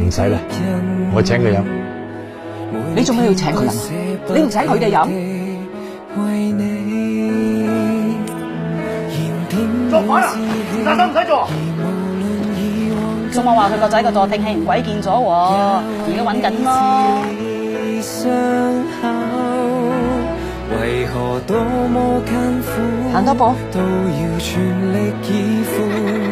唔使啦，我請佢飲。你做咩要請佢飲？你唔請佢哋飲？坐埋啦，大家唔使坐。宋媽話佢個仔個助聽器鬼見咗，而家揾緊咯。行多步。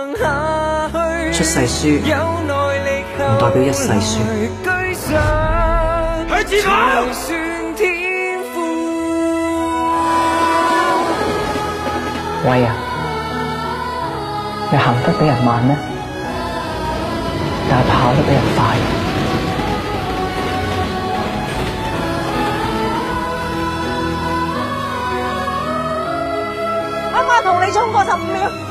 一世輸唔代表一世輸。許志豪，喂啊，你行得比人慢咩？但係跑得比人快。啱啱同你衝過十五秒。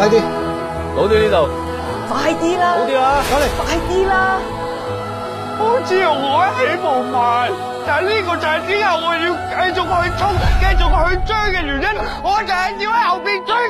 快啲，好啲呢度。快啲啦，好啲、啊、啦，我來快啲啦。我知我一起步唔快，但係呢個就係之後我要繼續去衝、繼續去追嘅原因。我就係要喺後邊追。